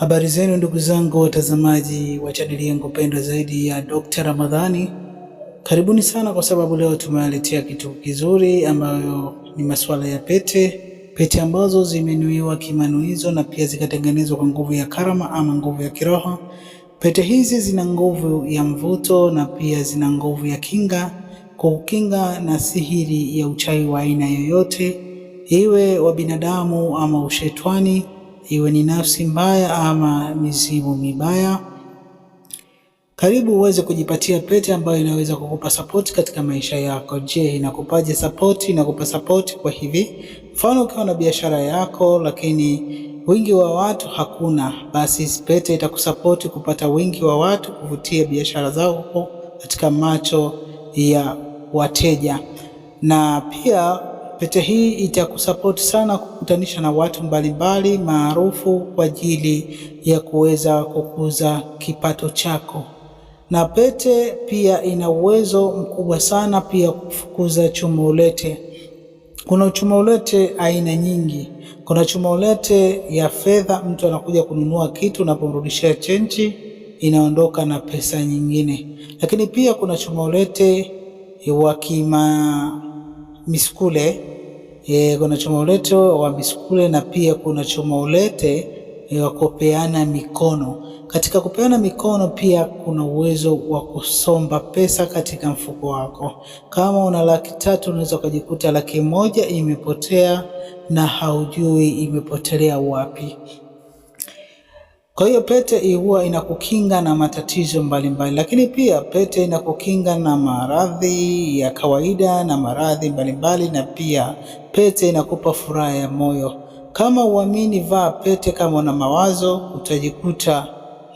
Habari zenu ndugu zangu watazamaji wa chaneli yangu pendwa zaidi ya Dr. Ramadhani, karibuni sana kwa sababu leo tumewaletea kitu kizuri ambayo ni masuala ya pete, pete ambazo zimenuiwa kimanuizo na pia zikatengenezwa kwa nguvu ya karama ama nguvu ya kiroho. Pete hizi zina nguvu ya mvuto na pia zina nguvu ya kinga, kwa kukinga na sihiri ya uchawi wa aina yoyote, iwe wa binadamu ama ushetwani iwe ni nafsi mbaya ama mizimu mibaya. Karibu uweze kujipatia pete ambayo inaweza kukupa sapoti katika maisha yako. Je, inakupaje sapoti? Inakupa sapoti kwa hivi, mfano ukiwa na biashara yako lakini wingi wa watu hakuna, basi pete itakusapoti kupata wingi wa watu, kuvutia biashara zako katika macho ya wateja na pia Pete hii itakusupport sana kukutanisha na watu mbalimbali maarufu kwa ajili ya kuweza kukuza kipato chako, na pete pia ina uwezo mkubwa sana pia kufukuza chuma ulete. Kuna chuma ulete aina nyingi. Kuna chuma ulete ya fedha, mtu anakuja kununua kitu, unapomrudishia chenji inaondoka na pesa nyingine. Lakini pia kuna chuma ulete wa kima miskule e, kuna chuma ulete wa misukule na pia kuna chuma ulete e, wa kupeana mikono. Katika kupeana mikono pia kuna uwezo wa kusomba pesa katika mfuko wako. Kama una laki tatu unaweza ukajikuta laki moja imepotea na haujui imepotelea wapi. Kwa hiyo pete huwa inakukinga na matatizo mbalimbali mbali, lakini pia pete inakukinga na maradhi ya kawaida na maradhi mbalimbali, na pia pete inakupa furaha ya moyo. Kama uamini, vaa pete. Kama una mawazo, utajikuta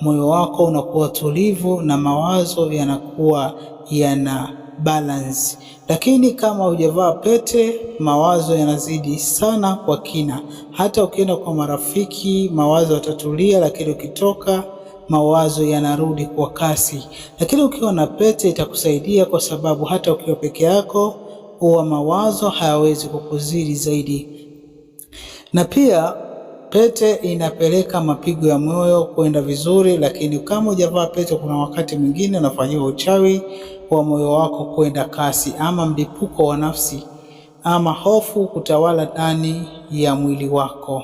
moyo wako unakuwa tulivu na mawazo yanakuwa yana balance. Lakini kama hujavaa pete, mawazo yanazidi sana kwa kina. Hata ukienda kwa marafiki, mawazo yatatulia, lakini ukitoka mawazo yanarudi kwa kasi. Lakini ukiwa na pete itakusaidia, kwa sababu hata ukiwa peke yako huwa mawazo hayawezi kukuzidi zaidi, na pia Pete inapeleka mapigo ya moyo kwenda vizuri, lakini kama hujavaa pete, kuna wakati mwingine unafanyiwa uchawi wa moyo wako kwenda kasi, ama mlipuko wa nafsi, ama hofu kutawala ndani ya mwili wako.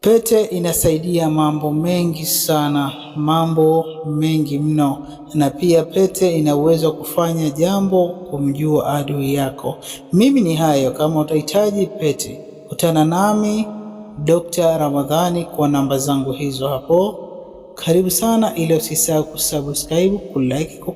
Pete inasaidia mambo mengi sana, mambo mengi mno, na pia pete ina uwezo wa kufanya jambo kumjua adui yako. Mimi ni hayo. Kama utahitaji pete, utana nami Dr. Ramadhani kwa namba zangu hizo hapo. Karibu sana, ili usisahau kusubscribe, kulike